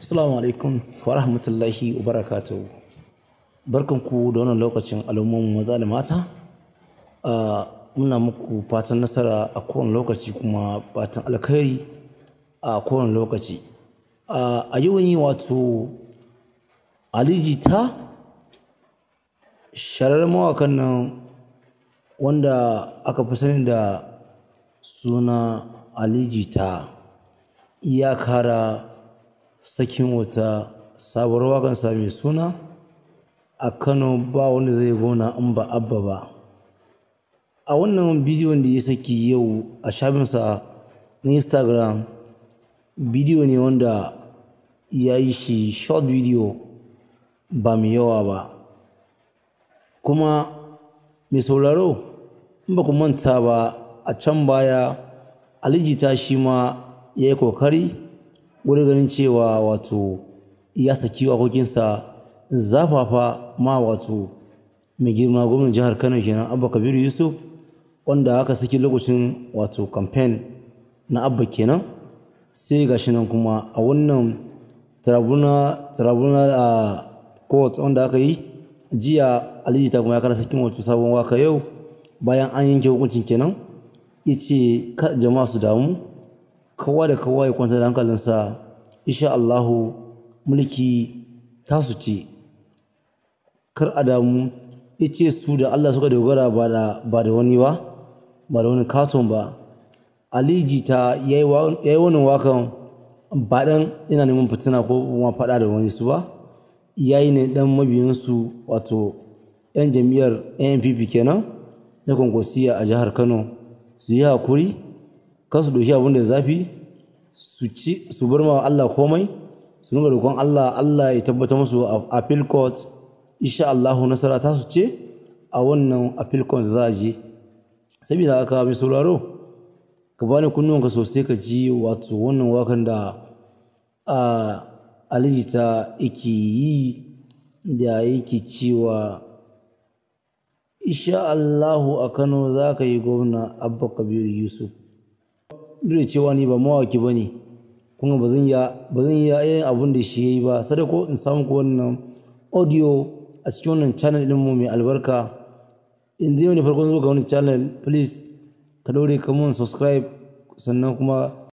Assalamu alaikum wa rahmatullahi wa barakatuhu. Barkanku da wannan lokacin al'umman maza da mata. Muna muku fatan nasara a kowane lokaci kuma fatan alkhairi a kowane lokaci. A yi wani wato Aliji ta shararren mawakan nan wanda aka fi sani da suna Aliji ta iya kara sakin wata sabuwar waƙansa mai suna a kano ba wanda zai gona in ba abba ba a wannan bidiyon da ya saki yau a shafinsa na instagram bidiyo ne wanda ya yi shi short video ba mai yawa ba kuma mai sauraro in ba ku manta ba a can baya alijita shi ma ya yi kokari wurin ganin cewa wato ya saki waƙoƙinsa zafafa ma wato mai girma gwamnan jihar kano kenan abba kabiru yusuf wanda aka saki lokacin wato kamfen na abba kenan sai ga shi nan kuma a wannan tarabuna a court wanda aka yi jiya alijita ta kuma ya kara sakin wato sabon waka yau bayan an yanke hukuncin kenan ice jama'a su damu kowa da kowa ya kwanta da hankalinsa isha Allahu mulki tasu ce kar a damu ce su da Allah suka dogara ba da wani ba ba da wani katon ba aliji ta yayi yi wakan baɗan yana neman fitina ko kuma faɗa da wani su ba yayi ne dan mabiyansu wato yan jam'iyyar NPP kenan na kwankwasiya a jihar Kano su yi hakuri kan su ɗauki abin da zafi su ci su bar ma Allah komai su dinga roƙon Allah Allah ya tabbata musu a appeal court insha Allah nasara ta su ce a wannan appeal court za a je saboda haka mai sauraro ka bani kunnuwanka sosai ka ji wato wannan wakan da a aliji ta yake yi da yake cewa insha Allahu a Kano za ka yi gwamna Abba Kabiru Yusuf duk cewa ni ba mawaki ba ne kuma ba zan iya yin abin da shi ya yi ba ko in samu ku wannan audio a cikin wannan channel ɗin mu mai albarka in zai wani farkon zo ga wani channel please ka daure ka mun subscribe sannan kuma